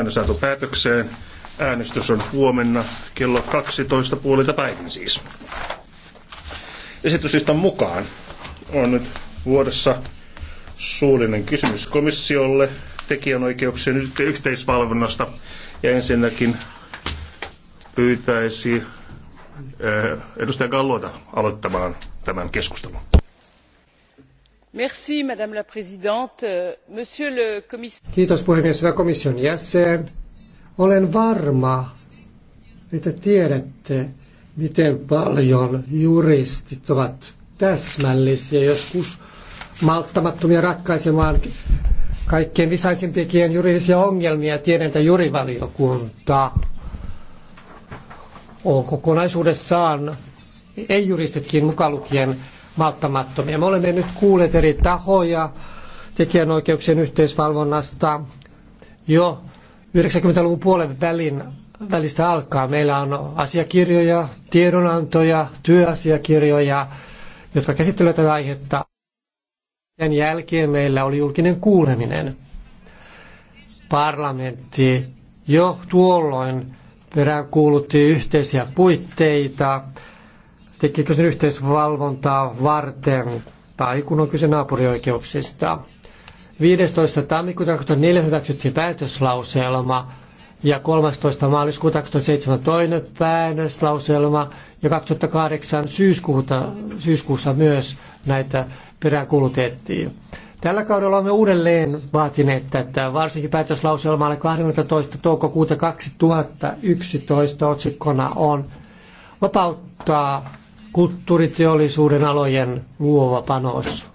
Äänestys saatu päätökseen. Äänestys on huomenna kello 12 puolilta päivin siis. Esityslistan mukaan on nyt vuodessa suullinen kysymys komissiolle tekijänoikeuksien yhteisvalvonnasta. Ja ensinnäkin pyytäisi edustaja Gallota aloittamaan tämän keskustelun madame la présidente euh, monsieur le commissaire Kiitos puhemies, hyvä komission jäsen. Olen varma, että tiedätte, miten paljon juristit ovat täsmällisiä, joskus malttamattomia ratkaisemaan kaikkien visaisimpiakin juridisia ongelmia. Tiedän, että jurivaliokunta on kokonaisuudessaan, ei-juristitkin mukaan lukien, malttamattomia. Me olemme nyt kuulleet eri tahoja tekijänoikeuksien yhteisvalvonnasta jo 90-luvun puolen välin välistä alkaa. Meillä on asiakirjoja, tiedonantoja, työasiakirjoja, jotka käsittelevät tätä aihetta. Sen jälkeen meillä oli julkinen kuuleminen. Parlamentti jo tuolloin peräänkuulutti yhteisiä puitteita tekikö sen yhteisvalvontaa varten tai kun on kyse naapurioikeuksista. 15. tammikuuta 2004 hyväksyttiin päätöslauselma ja 13. maaliskuuta 2007 toinen päätöslauselma ja 2008 syyskuuta, syyskuussa myös näitä peräänkuulutettiin. Tällä kaudella olemme uudelleen vaatineet tätä, varsinkin päätöslauselmalle 12. toukokuuta 2011 otsikkona on vapauttaa kulttuuriteollisuuden alojen luova panos.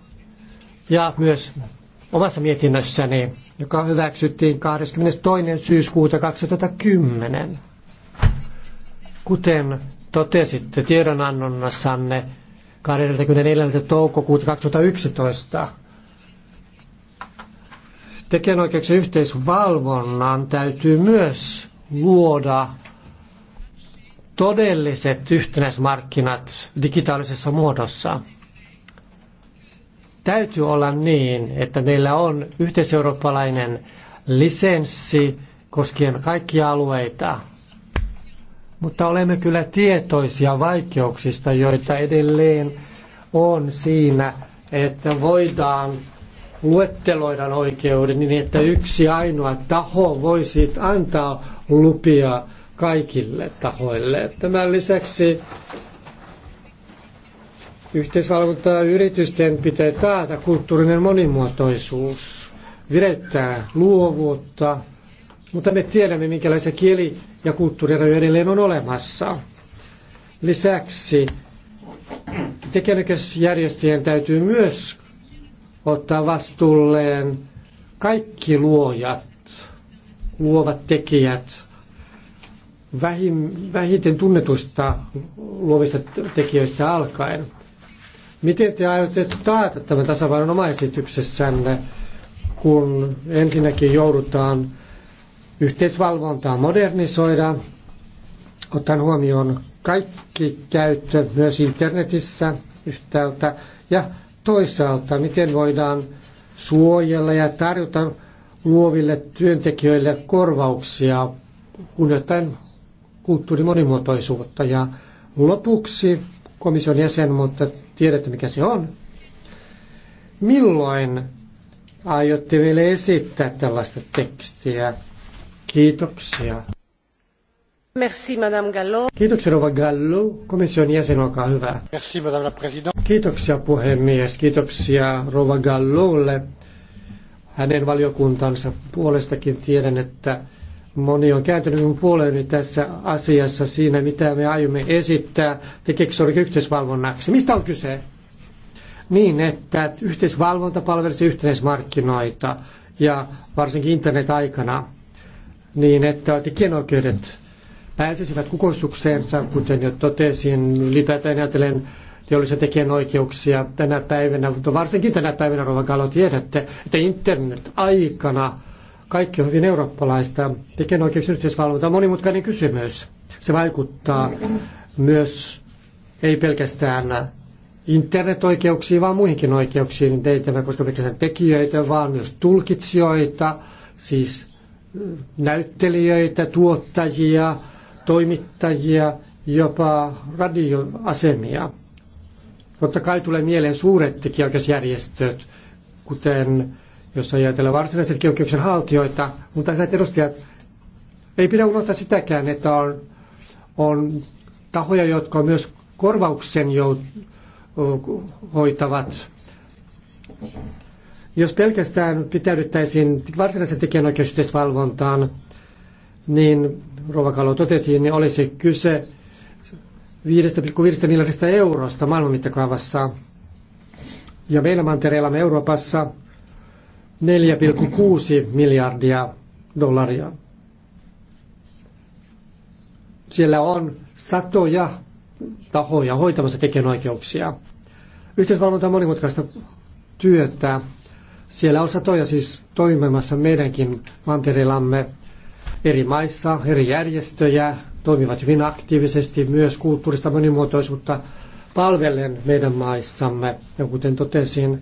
Ja myös omassa mietinnössäni, joka hyväksyttiin 22. syyskuuta 2010. Kuten totesitte tiedonannonnassanne 24. toukokuuta 2011, tekijänoikeuksien yhteisvalvonnan täytyy myös luoda todelliset yhtenäismarkkinat digitaalisessa muodossa. Täytyy olla niin, että meillä on yhteiseurooppalainen lisenssi koskien kaikkia alueita, mutta olemme kyllä tietoisia vaikeuksista, joita edelleen on siinä, että voidaan luetteloida oikeuden niin, että yksi ainoa taho voisi antaa lupia kaikille tahoille. Tämän lisäksi yhteisvalvontaa yritysten pitää taata kulttuurinen monimuotoisuus, virettää luovuutta, mutta me tiedämme, minkälaisia kieli- ja kulttuurirajoja edelleen on olemassa. Lisäksi tekijänoikeusjärjestöjen täytyy myös ottaa vastuulleen kaikki luojat, luovat tekijät, vähin, vähiten tunnetuista luovista tekijöistä alkaen. Miten te aiotte taata tämän tasavainon omaesityksessänne, kun ensinnäkin joudutaan yhteisvalvontaa modernisoida, ottaen huomioon kaikki käyttö myös internetissä yhtäältä ja toisaalta, miten voidaan suojella ja tarjota luoville työntekijöille korvauksia kunnioittain kulttuurimonimuotoisuutta. Ja lopuksi komission jäsen, mutta tiedätte mikä se on. Milloin aiotte vielä esittää tällaista tekstiä? Kiitoksia. Merci, Madame Gallo. Kiitoksia, Rova Gallo. Komission jäsen, olkaa hyvä. Merci, Madame la Présidente. Kiitoksia, puhemies. Kiitoksia Rova Gallolle. Hänen valiokuntansa puolestakin tiedän, että moni on kääntynyt minun puoleeni tässä asiassa siinä, mitä me aiomme esittää tekijäksorik yhteisvalvonnaksi. Mistä on kyse? Niin, että yhteisvalvonta palvelisi yhteismarkkinoita ja varsinkin internet-aikana niin, että tekijänoikeudet pääsisivät kukoistukseensa, kuten jo totesin, ylipäätään ajatellen teollisia tekijänoikeuksia tänä päivänä, mutta varsinkin tänä päivänä, Rova Galo, tiedätte, että internet-aikana – kaikki on hyvin eurooppalaista. Tekijänoikeuksien yhteisvalvonta on monimutkainen kysymys. Se vaikuttaa myös ei pelkästään internetoikeuksiin, vaan muihinkin oikeuksiin. Ei tämä koska pelkästään tekijöitä, vaan myös tulkitsijoita, siis näyttelijöitä, tuottajia, toimittajia, jopa radioasemia. Totta kai tulee mieleen suuret tekijäoikeusjärjestöt, kuten jos ajatellaan varsinaiset keukeuksen haltijoita, mutta hyvät edustajat, ei pidä unohtaa sitäkään, että on, on tahoja, jotka myös korvauksen jo, hoitavat. Jos pelkästään pitäydyttäisiin varsinaisen tekijänoikeusyhteisvalvontaan, niin Rovakalo totesi, niin olisi kyse 5,5 miljardista eurosta maailman mittakaavassa. Ja meillä mantereellamme Euroopassa – 4,6 miljardia dollaria. Siellä on satoja tahoja hoitamassa tekijänoikeuksia. Yhteisvalvonta on monimutkaista työtä. Siellä on satoja siis toimimassa meidänkin mantereillamme eri maissa, eri järjestöjä, toimivat hyvin aktiivisesti myös kulttuurista monimuotoisuutta palvellen meidän maissamme. Ja kuten totesin,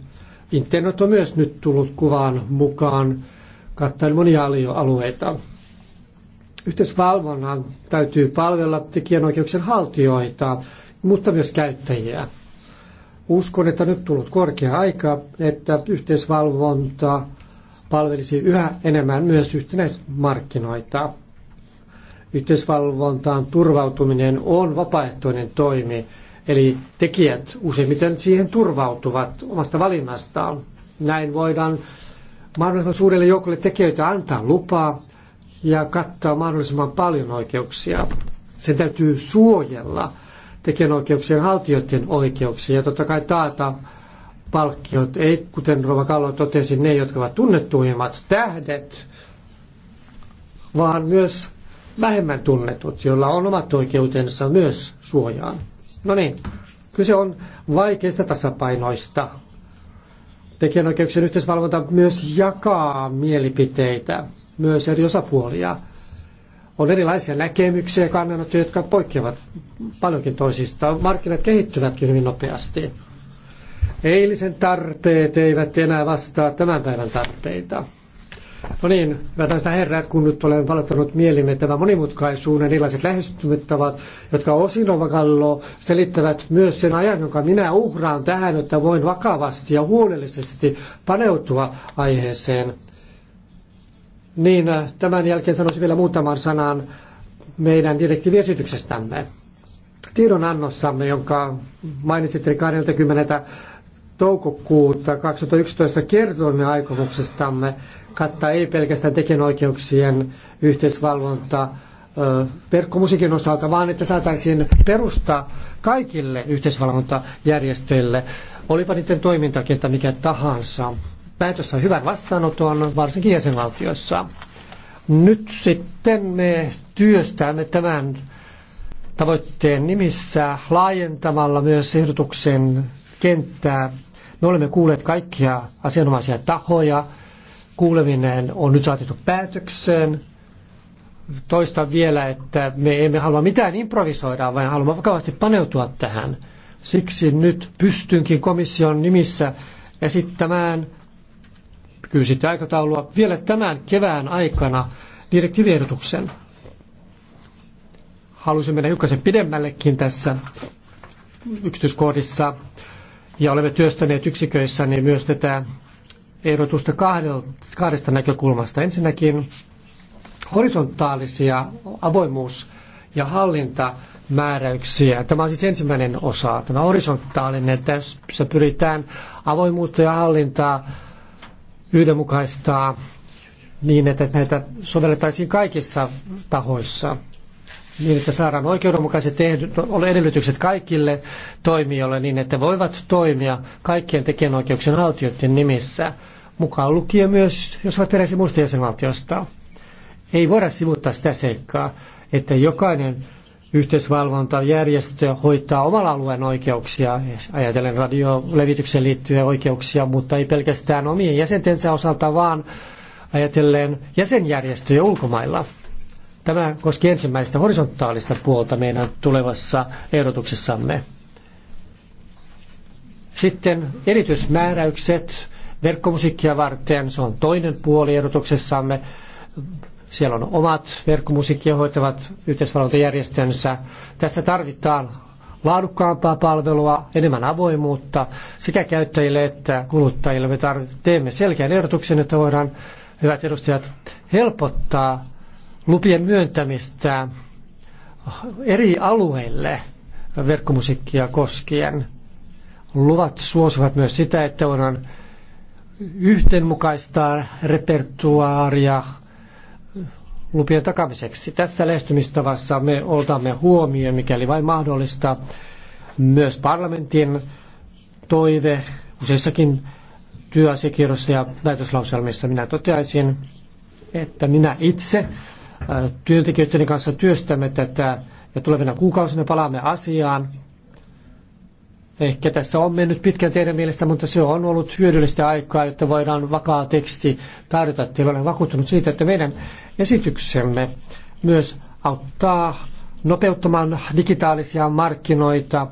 Internet on myös nyt tullut kuvaan mukaan kattaen monia alueita. Yhteisvalvonnan täytyy palvella tekijänoikeuksien haltijoita, mutta myös käyttäjiä. Uskon, että nyt tullut korkea aika, että yhteisvalvonta palvelisi yhä enemmän myös yhtenäismarkkinoita. Yhteisvalvontaan turvautuminen on vapaaehtoinen toimi, Eli tekijät useimmiten siihen turvautuvat omasta valinnastaan. Näin voidaan mahdollisimman suurelle joukolle tekijöitä antaa lupaa ja kattaa mahdollisimman paljon oikeuksia. Sen täytyy suojella tekijänoikeuksien haltijoiden oikeuksia ja totta kai taata palkkiot. Ei, kuten Rova Kallo totesi, ne, jotka ovat tunnettuimmat tähdet, vaan myös vähemmän tunnetut, joilla on omat oikeutensa myös suojaan. No niin, kyse on vaikeista tasapainoista. Tekijänoikeuksien yhteisvalvonta myös jakaa mielipiteitä, myös eri osapuolia. On erilaisia näkemyksiä ja kannanottoja, jotka poikkeavat paljonkin toisistaan. Markkinat kehittyvätkin hyvin nopeasti. Eilisen tarpeet eivät enää vastaa tämän päivän tarpeita. No niin, mä tästä herrat, kun nyt olen valittanut mielimme tämä monimutkaisuuden erilaiset lähestymättävät, jotka osin kallo selittävät myös sen ajan, jonka minä uhraan tähän, että voin vakavasti ja huolellisesti paneutua aiheeseen. Niin äh, tämän jälkeen sanoisin vielä muutaman sanan meidän direktiiviesityksestämme. Tiedonannossamme, jonka mainitsitte 20. toukokuuta 2011 kertoimme aikomuksestamme kattaa ei pelkästään tekijänoikeuksien yhteisvalvonta verkkomusiikin osalta, vaan että saataisiin perusta kaikille yhteisvalvontajärjestöille, olipa niiden toimintakenttä mikä tahansa. Päätös on hyvän vastaanoton, varsinkin jäsenvaltioissa. Nyt sitten me työstämme tämän tavoitteen nimissä laajentamalla myös ehdotuksen kenttää. Me olemme kuulleet kaikkia asianomaisia tahoja, kuuleminen on nyt saatettu päätökseen. Toistan vielä, että me emme halua mitään improvisoida, vaan haluamme vakavasti paneutua tähän. Siksi nyt pystynkin komission nimissä esittämään, kyllä sitä aikataulua, vielä tämän kevään aikana direktiiviehdotuksen. Halusin mennä hiukkasen pidemmällekin tässä yksityiskohdissa ja olemme työstäneet yksiköissä niin myös tätä ehdotusta kahdesta näkökulmasta. Ensinnäkin horisontaalisia avoimuus- ja hallintamääräyksiä. Tämä on siis ensimmäinen osa, tämä horisontaalinen. Tässä pyritään avoimuutta ja hallintaa yhdenmukaistaa niin, että näitä sovellettaisiin kaikissa tahoissa niin, että saadaan oikeudenmukaiset edellytykset kaikille toimijoille niin, että voivat toimia kaikkien tekijänoikeuksien haltijoiden nimissä – mukaan lukien myös, jos ovat peräisin muista jäsenvaltiosta. Ei voida sivuttaa sitä seikkaa, että jokainen yhteisvalvontajärjestö hoitaa omalla alueen oikeuksia, ajatellen radiolevitykseen liittyviä oikeuksia, mutta ei pelkästään omien jäsentensä osalta, vaan ajatellen jäsenjärjestöjä ulkomailla. Tämä koski ensimmäistä horisontaalista puolta meidän tulevassa ehdotuksessamme. Sitten erityismääräykset verkkomusiikkia varten. Se on toinen puoli ehdotuksessamme. Siellä on omat verkkomusiikkia hoitavat yhteisvalvontajärjestönsä. Tässä tarvitaan laadukkaampaa palvelua, enemmän avoimuutta sekä käyttäjille että kuluttajille. Me teemme selkeän ehdotuksen, että voidaan, hyvät edustajat, helpottaa lupien myöntämistä eri alueille verkkomusiikkia koskien. Luvat suosivat myös sitä, että voidaan yhteenmukaistaa repertuaaria lupien takamiseksi. Tässä lähestymistavassa me otamme huomioon, mikäli vain mahdollista, myös parlamentin toive useissakin työasiakirjoissa ja väitöslauselmissa. Minä toteaisin, että minä itse äh, työntekijöiden kanssa työstämme tätä ja tulevina kuukausina palaamme asiaan Ehkä tässä on mennyt pitkän teidän mielestä, mutta se on ollut hyödyllistä aikaa, jotta voidaan vakaa teksti tarjota. Teillä olen vakuuttunut siitä, että meidän esityksemme myös auttaa nopeuttamaan digitaalisia markkinoita,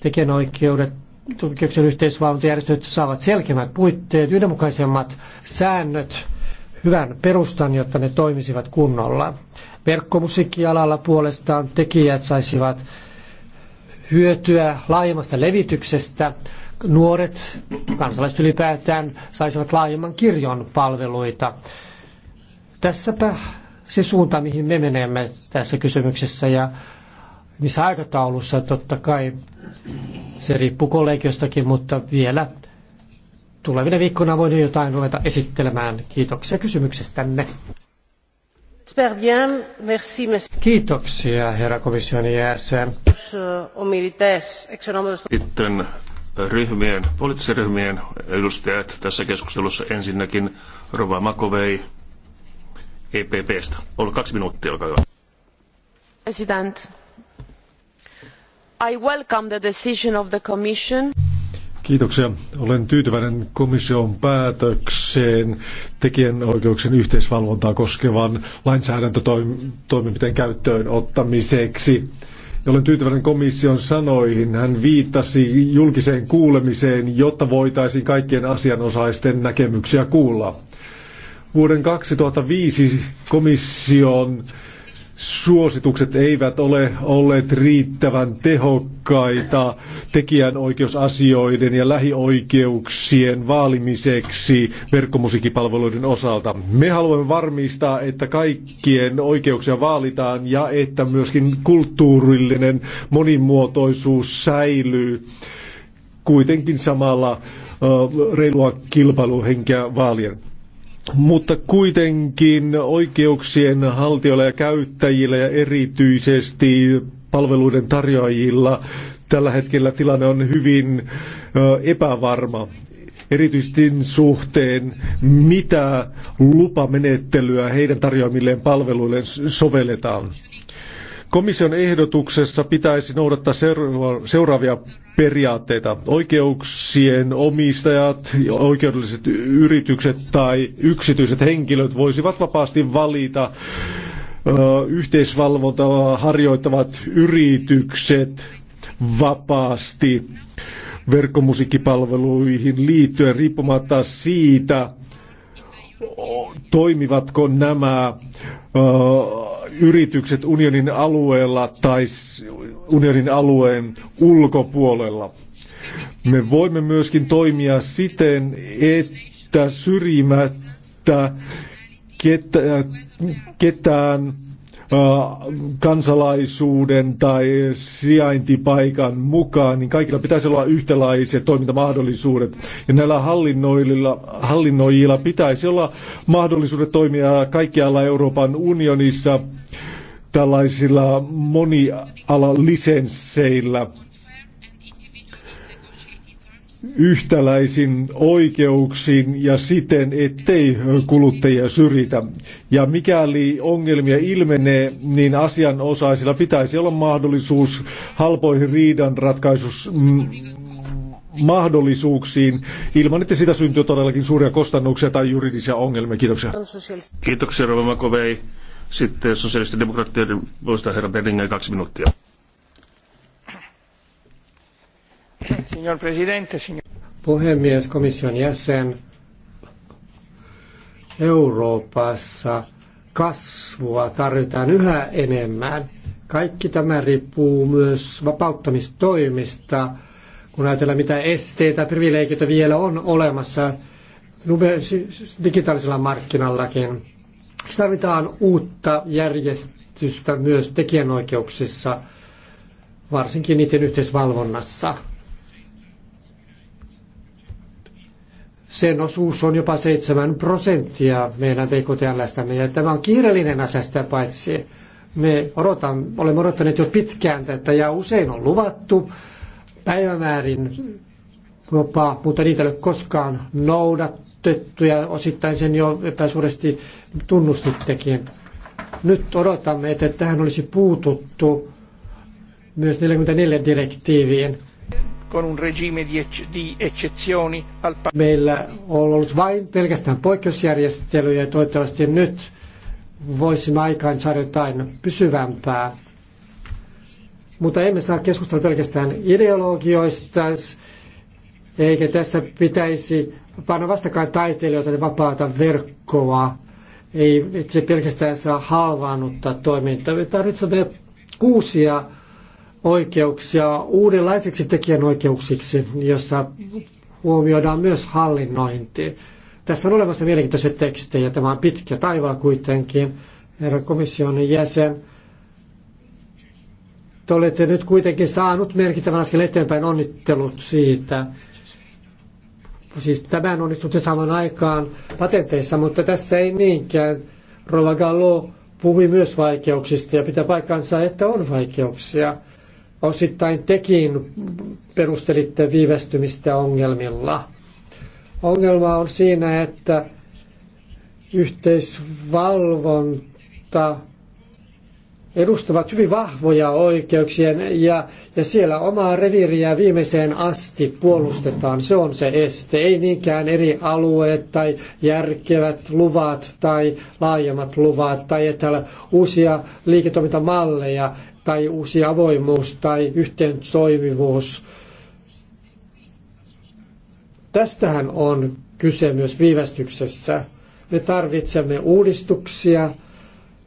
tekijänoikeudet, oikeuksien yhteisvalvontajärjestöt saavat selkeämmät puitteet, yhdenmukaisemmat säännöt, hyvän perustan, jotta ne toimisivat kunnolla. Verkkomusiikkialalla puolestaan tekijät saisivat hyötyä laajemmasta levityksestä. Nuoret, kansalaiset ylipäätään, saisivat laajemman kirjon palveluita. Tässäpä se suunta, mihin me menemme tässä kysymyksessä ja missä aikataulussa totta kai se riippuu kollegiostakin, mutta vielä tulevina viikkoina voin jotain ruveta esittelemään. Kiitoksia kysymyksestänne. Kiitoksia, herra komission jäsen. Sitten ryhmien, poliittisen ryhmien edustajat tässä keskustelussa ensinnäkin Rova Makovei EPPstä. Ollut kaksi minuuttia, olkaa hyvä. President, I welcome the decision of the Commission. Kiitoksia. Olen tyytyväinen komission päätökseen tekijänoikeuksien yhteisvalvontaa koskevan lainsäädäntötoimenpiteen käyttöön ottamiseksi. Ja olen tyytyväinen komission sanoihin. Hän viittasi julkiseen kuulemiseen, jotta voitaisiin kaikkien asianosaisten näkemyksiä kuulla. Vuoden 2005 komission suositukset eivät ole olleet riittävän tehokkaita tekijänoikeusasioiden ja lähioikeuksien vaalimiseksi verkkomusiikkipalveluiden osalta. Me haluamme varmistaa, että kaikkien oikeuksia vaalitaan ja että myöskin kulttuurillinen monimuotoisuus säilyy kuitenkin samalla reilua kilpailuhenkeä vaalien mutta kuitenkin oikeuksien haltijoilla ja käyttäjillä ja erityisesti palveluiden tarjoajilla tällä hetkellä tilanne on hyvin epävarma. Erityisesti suhteen, mitä lupamenettelyä heidän tarjoamilleen palveluille sovelletaan. Komission ehdotuksessa pitäisi noudattaa seuraavia periaatteita. Oikeuksien omistajat, oikeudelliset yritykset tai yksityiset henkilöt voisivat vapaasti valita yhteisvalvontaa harjoittavat yritykset vapaasti verkkomusiikkipalveluihin liittyen riippumatta siitä, toimivatko nämä yritykset unionin alueella tai unionin alueen ulkopuolella. Me voimme myöskin toimia siten, että syrjimättä ketään, ketään kansalaisuuden tai sijaintipaikan mukaan, niin kaikilla pitäisi olla yhtälaiset toimintamahdollisuudet. Ja näillä hallinnoijilla pitäisi olla mahdollisuudet toimia kaikkialla Euroopan unionissa tällaisilla monialalisensseillä. lisensseillä yhtäläisin oikeuksin ja siten, ettei kuluttajia syrjitä. Ja mikäli ongelmia ilmenee, niin asianosaisilla pitäisi olla mahdollisuus halpoihin riidanratkaisus mm, mahdollisuuksiin ilman, että sitä syntyy todellakin suuria kustannuksia tai juridisia ongelmia. Kiitoksia. Kiitoksia, Rova Makovei. Sitten sosiaalisten demokraattien puolesta herra Berlinger, kaksi minuuttia. Signor presidente, signor... Puhemies, komission jäsen. Euroopassa kasvua tarvitaan yhä enemmän. Kaikki tämä riippuu myös vapauttamistoimista, kun ajatellaan mitä esteitä, privileikit vielä on olemassa digitaalisella markkinallakin. Siis tarvitaan uutta järjestystä myös tekijänoikeuksissa, varsinkin niiden yhteisvalvonnassa. Sen osuus on jopa 7 prosenttia meidän BKTL-stämme. ja tämä on kiireellinen asia sitä paitsi. Me odotan, olemme odottaneet jo pitkään tätä ja usein on luvattu päivämäärin jopa, mutta niitä ei ole koskaan noudatettu ja osittain sen jo epäsuuresti tunnustittekin. Nyt odotamme, että tähän olisi puututtu myös 44 direktiiviin con un regime di, di eccezioni al Meillä on ollut vain pelkästään poikkeusjärjestelyjä ja toivottavasti nyt voisimme aikaan saada jotain pysyvämpää. Mutta emme saa keskustella pelkästään ideologioista, eikä tässä pitäisi panna vastakkain taiteilijoita ja vapaata verkkoa. Ei se pelkästään saa halvaannuttaa toimintaa. Me tarvitsemme uusia oikeuksia uudenlaisiksi tekijänoikeuksiksi, jossa huomioidaan myös hallinnointi. Tässä on olemassa mielenkiintoisia tekstejä. Tämä on pitkä taivaal kuitenkin, herra komission jäsen. Te olette nyt kuitenkin saanut merkittävän askel eteenpäin onnittelut siitä. Siis tämän onnistutte saman aikaan patenteissa, mutta tässä ei niinkään. Rova Gallo puhui myös vaikeuksista ja pitää paikkansa, että on vaikeuksia – Osittain tekin perustelitte viivästymistä ongelmilla. Ongelma on siinä, että yhteisvalvonta edustavat hyvin vahvoja oikeuksien ja, ja siellä omaa reviiriä viimeiseen asti puolustetaan. Se on se este, ei niinkään eri alueet tai järkevät luvat tai laajemmat luvat tai että uusia liiketoimintamalleja tai uusi avoimuus tai yhteen toimivuus. Tästähän on kyse myös viivästyksessä. Me tarvitsemme uudistuksia,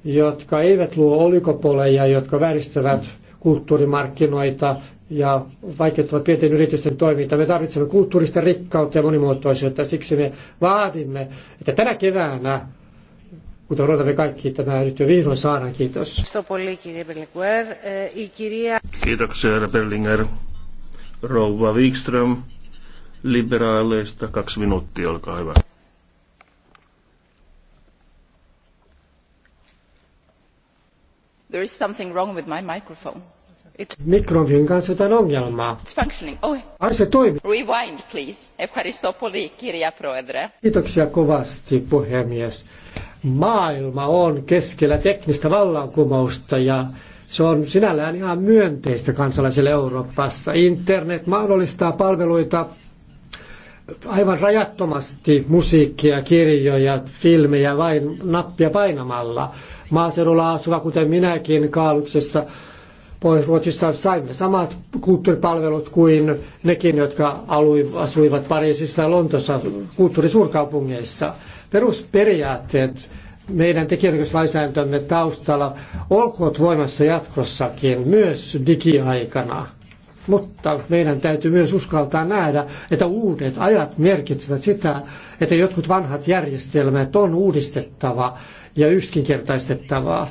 jotka eivät luo olikopoleja, jotka vääristävät kulttuurimarkkinoita ja vaikeuttavat pienten yritysten toimintaa. Me tarvitsemme kulttuurista rikkautta ja monimuotoisuutta. Siksi me vaadimme, että tänä keväänä mutta odotamme kaikki, tämä nyt jo vihdoin saadaan. Kiitos. Kiitoksia, herra Berlinger. Rouva Wikström, liberaaleista kaksi minuuttia, olkaa hyvä. There is something wrong with my microphone. Mikrofonin kanssa jotain ongelmaa. It's functioning. Oh. Ai se toimii. Rewind, please. Kiitoksia kovasti, puhemies maailma on keskellä teknistä vallankumousta ja se on sinällään ihan myönteistä kansalaisille Euroopassa. Internet mahdollistaa palveluita aivan rajattomasti musiikkia, kirjoja, filmejä vain nappia painamalla. Maaseudulla asuva, kuten minäkin Kaaluksessa, Pohjois-Ruotsissa saimme samat kulttuuripalvelut kuin nekin, jotka asuivat Pariisissa ja Lontossa kulttuurisuurkaupungeissa perusperiaatteet meidän tekijänoikeuslainsäädäntömme taustalla olkoot voimassa jatkossakin myös digiaikana. Mutta meidän täytyy myös uskaltaa nähdä, että uudet ajat merkitsevät sitä, että jotkut vanhat järjestelmät on uudistettava ja yksinkertaistettava.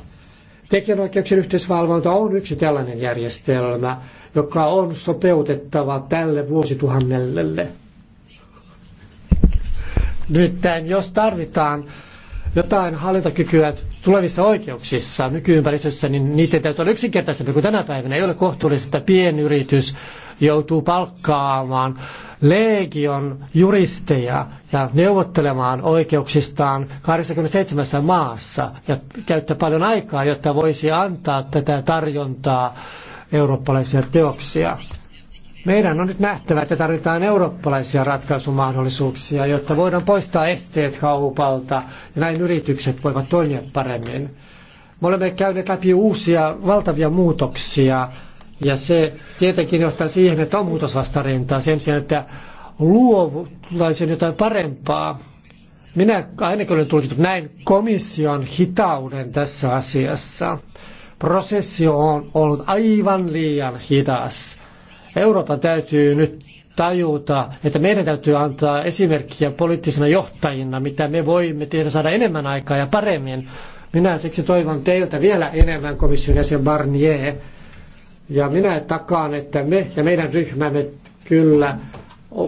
Tekijänoikeuksien yhteisvalvonta on yksi tällainen järjestelmä, joka on sopeutettava tälle vuosituhannelle. Nimittäin jos tarvitaan jotain hallintakykyä tulevissa oikeuksissa nykyympäristössä, niin niiden täytyy olla yksinkertaisempi kuin tänä päivänä. Ei ole kohtuullista, että pienyritys joutuu palkkaamaan legion juristeja ja neuvottelemaan oikeuksistaan 27 maassa ja käyttää paljon aikaa, jotta voisi antaa tätä tarjontaa eurooppalaisia teoksia. Meidän on nyt nähtävä, että tarvitaan eurooppalaisia ratkaisumahdollisuuksia, jotta voidaan poistaa esteet kaupalta ja näin yritykset voivat toimia paremmin. Me olemme käyneet läpi uusia valtavia muutoksia ja se tietenkin johtaa siihen, että on muutosvastarintaa sen sijaan, että luovuttaisiin jotain parempaa. Minä ainakin olen tulkinnut näin komission hitauden tässä asiassa. Prosessi on ollut aivan liian hidas Euroopan täytyy nyt tajuta, että meidän täytyy antaa esimerkkiä poliittisina johtajina, mitä me voimme tehdä saada enemmän aikaa ja paremmin. Minä siksi toivon teiltä vielä enemmän komission jäsen Barnier. Ja minä takaan, että me ja meidän ryhmämme kyllä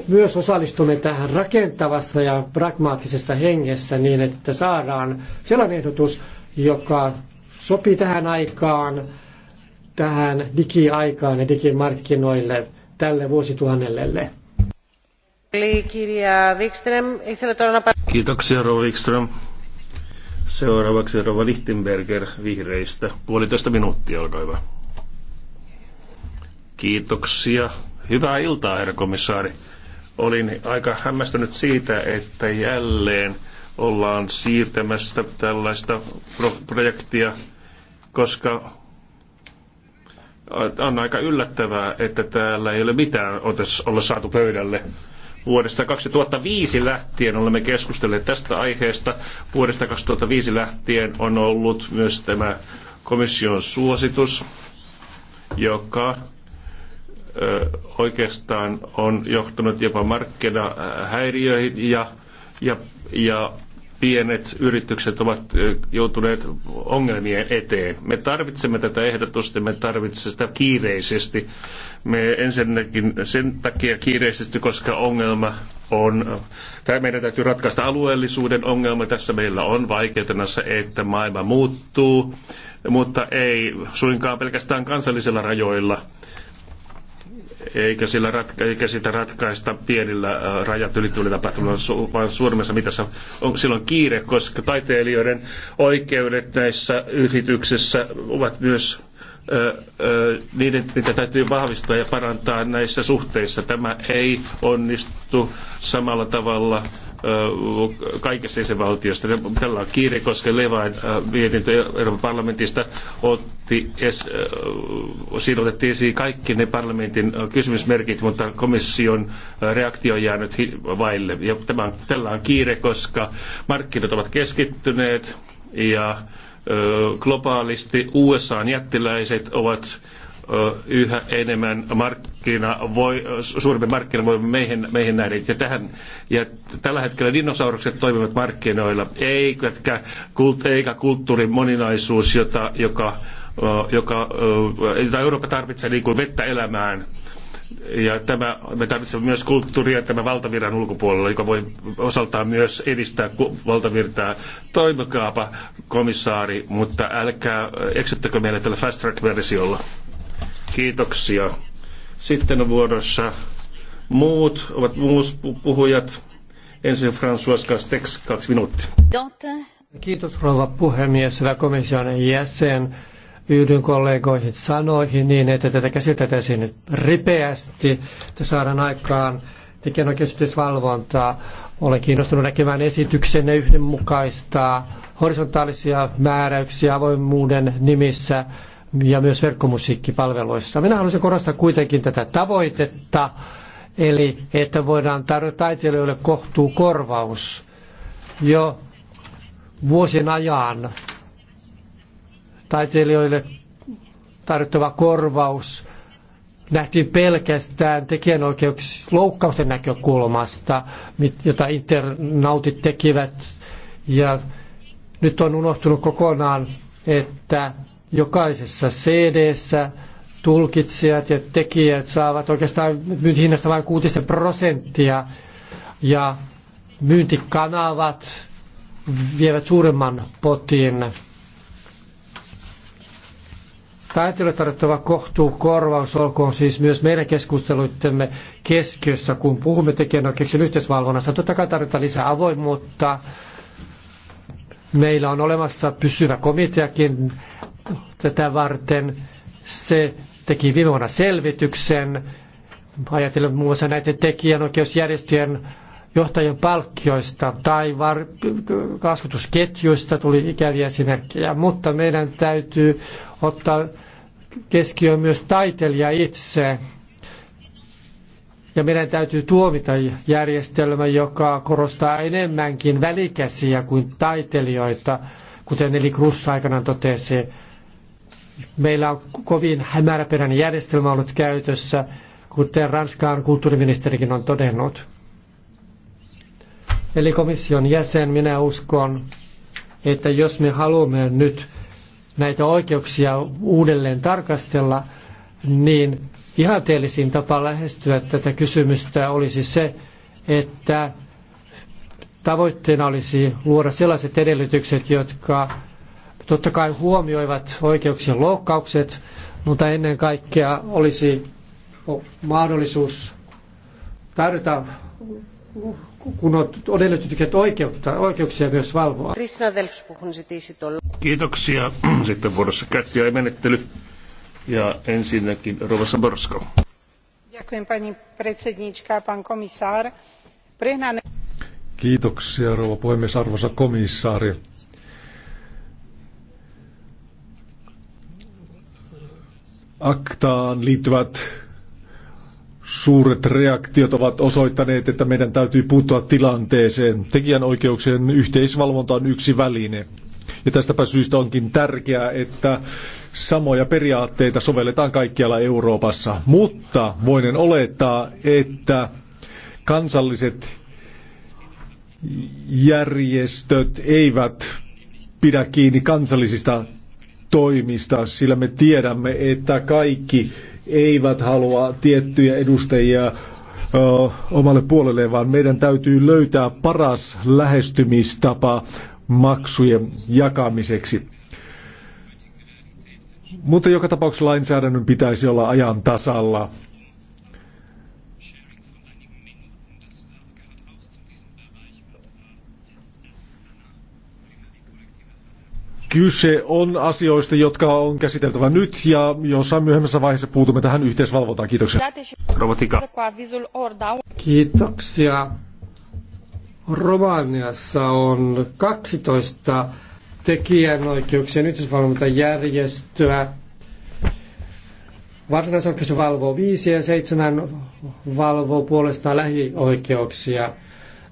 myös osallistumme tähän rakentavassa ja pragmaattisessa hengessä niin, että saadaan sellainen ehdotus, joka sopii tähän aikaan tähän digiaikaan ja digimarkkinoille tälle vuosituhannelle. Kiitoksia, Rova Wikström. Seuraavaksi Rova Lichtenberger vihreistä. Puolitoista minuuttia, olkaa hyvä. Kiitoksia. Hyvää iltaa, herra komissaari. Olin aika hämmästynyt siitä, että jälleen ollaan siirtämässä tällaista projektia, koska on aika yllättävää, että täällä ei ole mitään olla saatu pöydälle. Vuodesta 2005 lähtien olemme keskustelleet tästä aiheesta. Vuodesta 2005 lähtien on ollut myös tämä komission suositus, joka oikeastaan on johtanut jopa markkinahäiriöihin ja, ja, ja pienet yritykset ovat joutuneet ongelmien eteen. Me tarvitsemme tätä ehdotusta, me tarvitsemme sitä kiireisesti. Me ensinnäkin sen takia kiireisesti, koska ongelma on, tai meidän täytyy ratkaista alueellisuuden ongelma. Tässä meillä on vaikeutena että maailma muuttuu, mutta ei suinkaan pelkästään kansallisilla rajoilla eikä, sillä ratka- eikä sitä ratkaista pienillä äh, rajat ylittyvillä tapahtumilla, vaan suurimmassa mitassa on silloin kiire, koska taiteilijoiden oikeudet näissä yrityksissä ovat myös ö, öö, niiden, niitä täytyy vahvistaa ja parantaa näissä suhteissa. Tämä ei onnistu samalla tavalla kaikessa jäsenvaltiosta. Tällä on kiire, koska Levain mietintö Euroopan parlamentista otti es, siinä otettiin esiin kaikki ne parlamentin kysymysmerkit, mutta komission reaktio on jäänyt vaille. Ja tämä, tällä on kiire, koska markkinat ovat keskittyneet ja globaalisti USAn jättiläiset ovat yhä enemmän markkina voi, suurempi markkina voi meihin, meihin nähdä. Ja, tähän, ja tällä hetkellä dinosaurukset toimivat markkinoilla, eikä, eikä kulttuurin moninaisuus, jota, joka, joka, jota Eurooppa tarvitsee niin kuin vettä elämään. Ja tämä, me tarvitsemme myös kulttuuria tämä valtavirran ulkopuolella, joka voi osaltaan myös edistää valtavirtaa. Toimikaapa komissaari, mutta älkää eksyttäkö meille tällä fast track-versiolla. Kiitoksia. Sitten on vuorossa muut, ovat muut puhujat. Ensin François Castex, kaksi minuuttia. Kiitos rouva puhemies, hyvä komission jäsen. Yhdyn kollegoihin sanoihin niin, että tätä käsiteltäisiin nyt ripeästi, että saadaan aikaan tekijänoikeusyhteisvalvontaa. Olen kiinnostunut näkemään esityksen yhdenmukaistaa horisontaalisia määräyksiä avoimuuden nimissä ja myös verkkomusiikkipalveluissa. Minä haluaisin korostaa kuitenkin tätä tavoitetta, eli että voidaan tarjota taiteilijoille kohtuu korvaus jo vuosien ajan taiteilijoille tarjottava korvaus nähtiin pelkästään tekijänoikeuksien loukkausten näkökulmasta, jota internautit tekivät. Ja nyt on unohtunut kokonaan, että jokaisessa cd tulkitsijat ja tekijät saavat oikeastaan myyntihinnasta vain kuutisen prosenttia ja myyntikanavat vievät suuremman potin. Taiteilijoille tarjottava kohtuu korvaus olkoon siis myös meidän keskusteluittemme keskiössä, kun puhumme tekijänoikeuksien yhteisvalvonnasta. Totta kai tarvitaan lisää avoimuutta, Meillä on olemassa pysyvä komiteakin tätä varten. Se teki viime vuonna selvityksen. Ajatellen muun muassa näiden tekijänoikeusjärjestöjen johtajien palkkioista tai var- kasvatusketjuista tuli ikäviä esimerkkejä, mutta meidän täytyy ottaa keskiöön myös taiteilija itse, ja meidän täytyy tuomita järjestelmä, joka korostaa enemmänkin välikäsiä kuin taiteilijoita, kuten Eli Krus aikanaan totesi. Meillä on kovin hämäräperäinen järjestelmä ollut käytössä, kuten Ranskan kulttuuriministerikin on todennut. Eli komission jäsen, minä uskon, että jos me haluamme nyt näitä oikeuksia uudelleen tarkastella, niin ihanteellisin tapa lähestyä tätä kysymystä olisi se, että tavoitteena olisi luoda sellaiset edellytykset, jotka totta kai huomioivat oikeuksien loukkaukset, mutta ennen kaikkea olisi mahdollisuus tarjota kun on edellytykset oikeutta, oikeuksia myös valvoa. Kiitoksia. Sitten vuorossa kättiä menettely. Ja ensinnäkin Rova Saborsko. Ďakujem pani predsednička, pán komisár. Prehnané... Kiitoksia rouva puhemies, arvoisa komissaari. Aktaan liittyvät suuret reaktiot ovat osoittaneet, että meidän täytyy puuttua tilanteeseen. Tekijänoikeuksien yhteisvalvonta on yksi väline. Ja niin tästäpä syystä onkin tärkeää, että samoja periaatteita sovelletaan kaikkialla Euroopassa. Mutta voinen olettaa, että kansalliset järjestöt eivät pidä kiinni kansallisista toimista, sillä me tiedämme, että kaikki eivät halua tiettyjä edustajia omalle puolelleen, vaan meidän täytyy löytää paras lähestymistapa maksujen jakamiseksi. Mutta joka tapauksessa lainsäädännön pitäisi olla ajan tasalla. Kyse on asioista, jotka on käsiteltävä nyt ja jossain myöhemmässä vaiheessa puutumme tähän yhteisvalvontaan. Kiitoksia. Robotika. Kiitoksia. Romaniassa on 12 tekijänoikeuksien yhteisvalvontajärjestöä. Varsinaisoikeus valvoo viisi ja seitsemän valvoo puolestaan lähioikeuksia.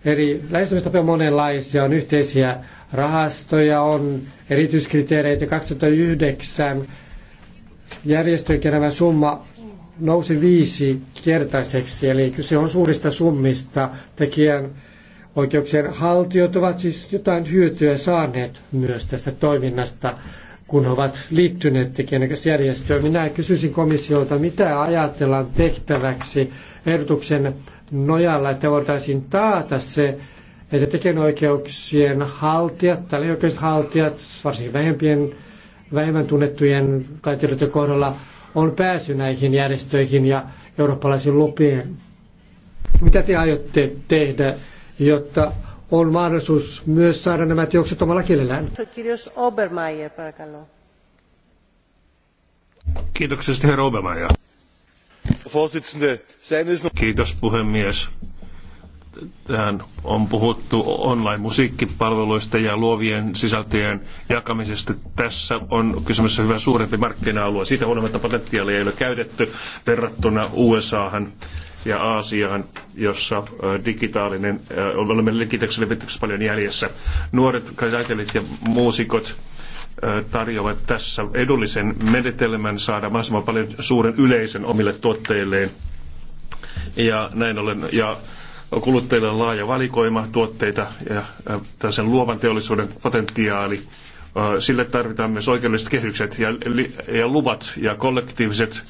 Eri lähestymistapia on monenlaisia, on yhteisiä rahastoja, on erityiskriteereitä. 2009 järjestöjen keräämä summa nousi viisi kertaiseksi, eli kyse on suurista summista tekijän Oikeuksien haltijat ovat siis jotain hyötyä saaneet myös tästä toiminnasta, kun ovat liittyneet tekijänoikeusjärjestöön. Minä kysyisin komissiolta, mitä ajatellaan tehtäväksi ehdotuksen nojalla, että voitaisiin taata se, että tekijänoikeuksien haltijat, tai haltijat, varsinkin vähempien, vähemmän tunnettujen taiteilijoiden kohdalla, on pääsy näihin järjestöihin ja eurooppalaisiin lupiin. Mitä te aiotte tehdä jotta on mahdollisuus myös saada nämä teokset omalla kielellään. Kiitoksia, herra Obermeier. Er Kiitos puhemies. Tähän on puhuttu online-musiikkipalveluista ja luovien sisältöjen jakamisesta. Tässä on kysymys hyvä suurempi markkina-alue. Siitä huolimatta potentiaalia ei ole käytetty verrattuna USAhan ja Aasiaan, jossa äh, digitaalinen, äh, olemme digitaalisessa levityksessä paljon jäljessä. Nuoret taiteilijat ja muusikot äh, tarjoavat tässä edullisen menetelmän saada mahdollisimman paljon suuren yleisen omille tuotteilleen. Ja näin ollen, ja kuluttajille on laaja valikoima tuotteita ja tällaisen luovan teollisuuden potentiaali. Sille tarvitaan myös oikeudelliset kehykset ja, ja luvat ja kollektiiviset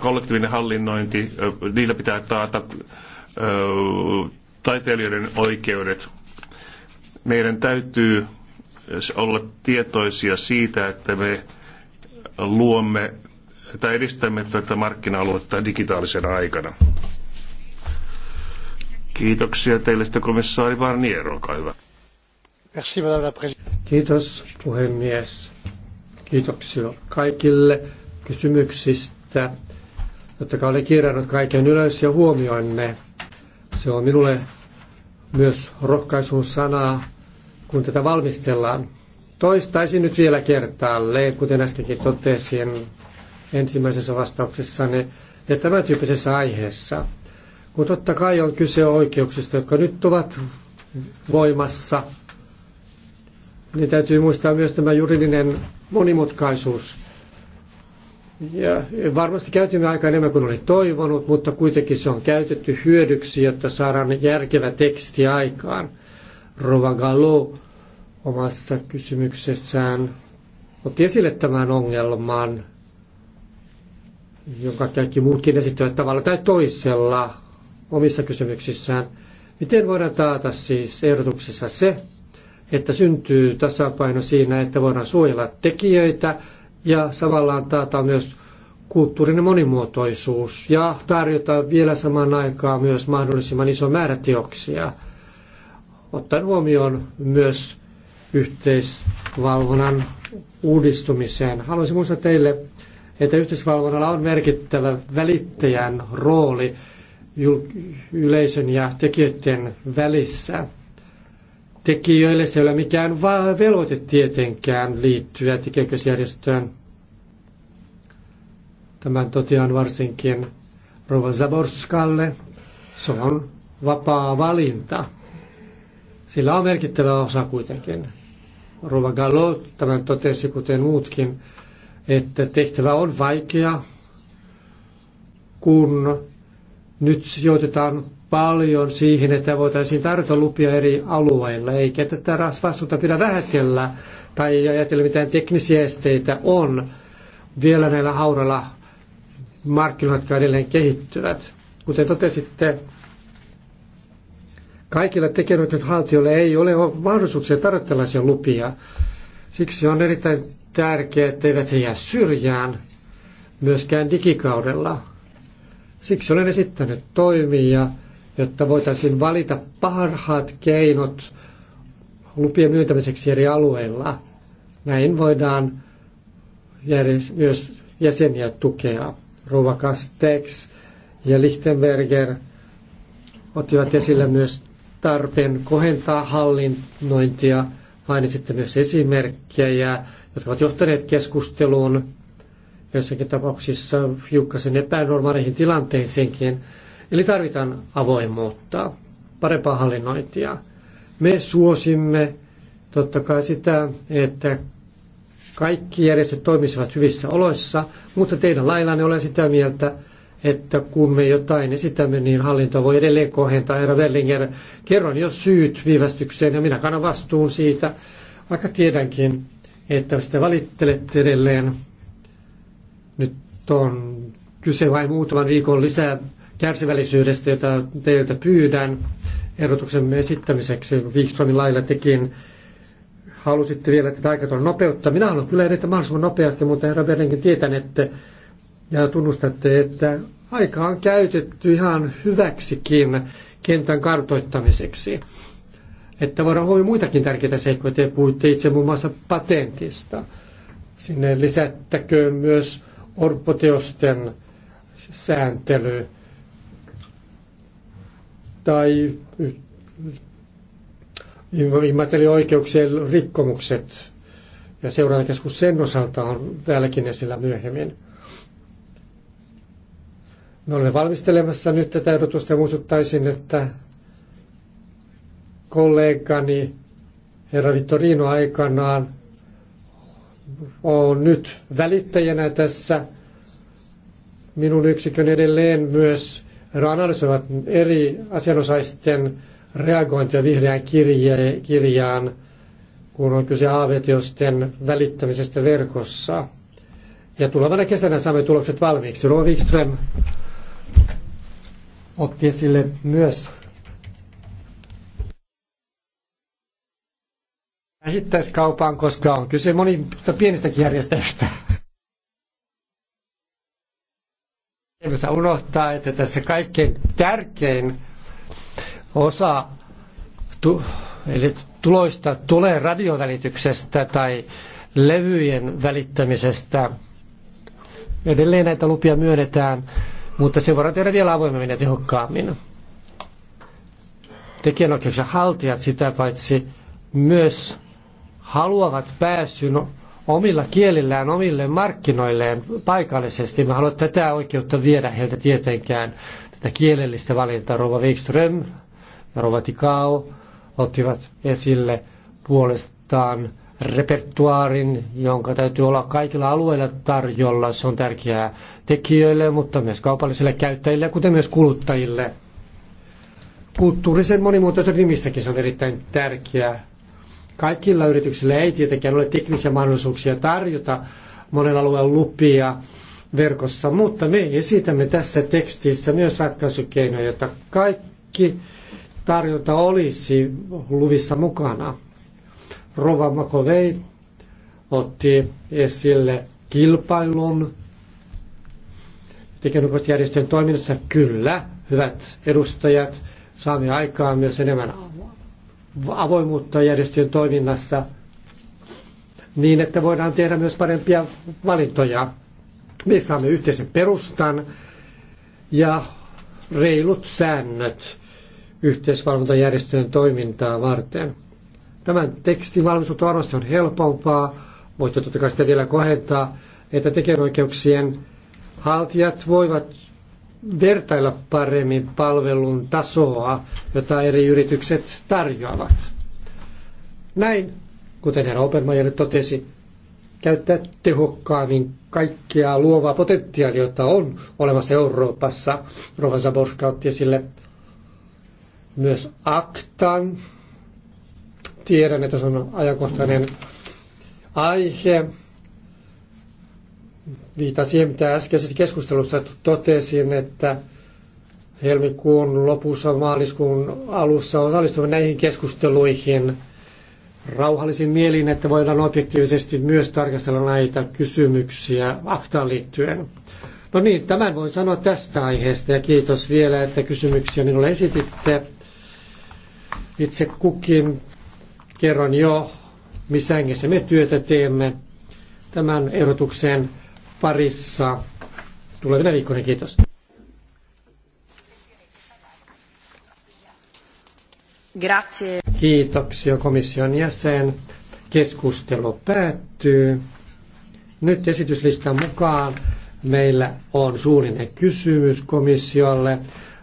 kollektiivinen hallinnointi, niillä pitää taata taiteilijoiden oikeudet. Meidän täytyy olla tietoisia siitä, että me luomme tai edistämme tätä markkina-aluetta digitaalisena aikana. Kiitoksia teille sitten komissaari Barnier, olkaa hyvä. Kiitos puhemies. Kiitoksia kaikille kysymyksistä. Totta kai olen kirjannut kaiken ylös ja huomioin ne. Se on minulle myös rohkaisun sanaa, kun tätä valmistellaan. Toistaisin nyt vielä kertaalleen, kuten äskenkin totesin ensimmäisessä vastauksessani, ja tämän tyyppisessä aiheessa. Kun totta kai on kyse oikeuksista, jotka nyt ovat voimassa, niin täytyy muistaa myös tämä juridinen monimutkaisuus – ja varmasti käytimme aika enemmän kuin oli toivonut, mutta kuitenkin se on käytetty hyödyksi, jotta saadaan järkevä teksti aikaan. Rova Gallo omassa kysymyksessään otti esille tämän ongelman, jonka kaikki muutkin esittävät tavalla tai toisella omissa kysymyksissään. Miten voidaan taata siis ehdotuksessa se, että syntyy tasapaino siinä, että voidaan suojella tekijöitä, ja samalla taata myös kulttuurinen monimuotoisuus ja tarjota vielä samaan aikaan myös mahdollisimman iso määrä teoksia, ottaen huomioon myös yhteisvalvonnan uudistumiseen. Haluaisin muistaa teille, että yhteisvalvonnalla on merkittävä välittäjän rooli yleisön ja tekijöiden välissä tekijöille. Se ei ole mikään velvoite tietenkään liittyä tekijäköisjärjestöön. Tämän totean varsinkin Rova Zaborskalle. Se on vapaa valinta. Sillä on merkittävä osa kuitenkin. Rova galot tämän totesi, kuten muutkin, että tehtävä on vaikea, kun nyt joutetaan paljon siihen, että voitaisiin tarjota lupia eri alueilla, eikä tätä vastuuta pidä vähätellä tai ajatella mitään teknisiä esteitä on vielä näillä hauralla markkinoilla, jotka edelleen kehittyvät. Kuten totesitte, kaikilla tekijänoikeushaltijoilla ei ole mahdollisuuksia tarjota tällaisia lupia. Siksi on erittäin tärkeää, eivät he jää syrjään myöskään digikaudella. Siksi olen esittänyt toimia, jotta voitaisiin valita parhaat keinot lupien myöntämiseksi eri alueilla. Näin voidaan myös jäseniä tukea. Rova Castex ja Lichtenberger ottivat esille myös tarpeen kohentaa hallinnointia. Mainitsitte myös esimerkkejä, jotka ovat johtaneet keskusteluun joissakin tapauksissa hiukkasen epänormaaleihin tilanteisiinkin. Eli tarvitaan avoimuutta, parempaa hallinnointia. Me suosimme totta kai sitä, että kaikki järjestöt toimisivat hyvissä oloissa, mutta teidän laillanne olen sitä mieltä, että kun me jotain esitämme, niin hallinto voi edelleen kohentaa. Herra Berlinger, kerron jo syyt viivästykseen ja minä kannan vastuun siitä, vaikka tiedänkin, että sitä valittelette edelleen. Nyt on kyse vain muutaman viikon lisää kärsivällisyydestä, jota teiltä pyydän erotuksen esittämiseksi. Wikströmin lailla tekin halusitte vielä tätä aikataulun nopeutta. Minä haluan kyllä edetä mahdollisimman nopeasti, mutta herra Berlinkin tietän, että ja tunnustatte, että aika on käytetty ihan hyväksikin kentän kartoittamiseksi. Että voidaan huomioida muitakin tärkeitä seikkoja. Te puhuitte itse muun muassa patentista. Sinne lisättäköön myös orpoteosten sääntely tai immateriaalioikeuksien rikkomukset. Ja seurantakeskus sen osalta on täälläkin esillä myöhemmin. Me olemme valmistelemassa nyt tätä ehdotusta ja muistuttaisin, että kollegani herra Vittorino aikanaan on nyt välittäjänä tässä. Minun yksikön edelleen myös analysoivat eri asianosaisten reagointia vihreään kirje, kirjaan, kun on kyse aavetiosten välittämisestä verkossa. Ja tulevana kesänä saamme tulokset valmiiksi. Roo Wikström otti esille myös vähittäiskaupan, koska on kyse monista pienistäkin järjestäjistä. Emme saa unohtaa, että tässä kaikkein tärkein osa tu, eli tuloista tulee radiovälityksestä tai levyjen välittämisestä. Edelleen näitä lupia myönnetään, mutta se voidaan tehdä vielä avoimemmin ja tehokkaammin. Tekijänoikeuksien haltijat sitä paitsi myös haluavat pääsyn omilla kielillään, omille markkinoilleen paikallisesti. Mä haluan tätä oikeutta viedä heiltä tietenkään, tätä kielellistä valintaa. Rova Wikström ja Rova Tikau ottivat esille puolestaan repertuaarin, jonka täytyy olla kaikilla alueilla tarjolla. Se on tärkeää tekijöille, mutta myös kaupallisille käyttäjille, kuten myös kuluttajille. Kulttuurisen monimuotoisen nimissäkin se on erittäin tärkeää. Kaikilla yrityksillä ei tietenkään ole teknisiä mahdollisuuksia tarjota monen alueen lupia verkossa, mutta me esitämme tässä tekstissä myös ratkaisukeinoja, jotta kaikki tarjonta olisi luvissa mukana. Rova Makovei otti esille kilpailun tekijänoikeusjärjestöjen toiminnassa. Kyllä, hyvät edustajat, saamme aikaan myös enemmän avoimuutta järjestöjen toiminnassa niin, että voidaan tehdä myös parempia valintoja. Me saamme yhteisen perustan ja reilut säännöt yhteisvalvontajärjestöjen toimintaa varten. Tämän tekstin valmistelu varmasti on helpompaa, voitte totta kai sitä vielä kohentaa, että tekijänoikeuksien haltijat voivat vertailla paremmin palvelun tasoa, jota eri yritykset tarjoavat. Näin, kuten herra Obermajer totesi, käyttää tehokkaammin kaikkea luovaa potentiaalia, jota on olemassa Euroopassa. Rovan Zaborska otti esille myös aktan. Tiedän, että se on ajankohtainen aihe viitaan siihen, mitä äskeisessä keskustelussa totesin, että helmikuun lopussa, maaliskuun alussa osallistumme näihin keskusteluihin rauhallisin mielin, että voidaan objektiivisesti myös tarkastella näitä kysymyksiä aktaan liittyen. No niin, tämän voin sanoa tästä aiheesta ja kiitos vielä, että kysymyksiä minulle esititte. Itse kukin kerron jo, missä hengessä me työtä teemme tämän ehdotuksen parissa tulevina viikkoina. Kiitos. Grazie. Kiitoksia komission jäsen. Keskustelu päättyy. Nyt esityslistan mukaan meillä on suullinen kysymys komissiolle.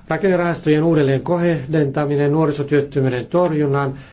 Rakennerahastojen uudelleen kohdentaminen nuorisotyöttömyyden torjunnan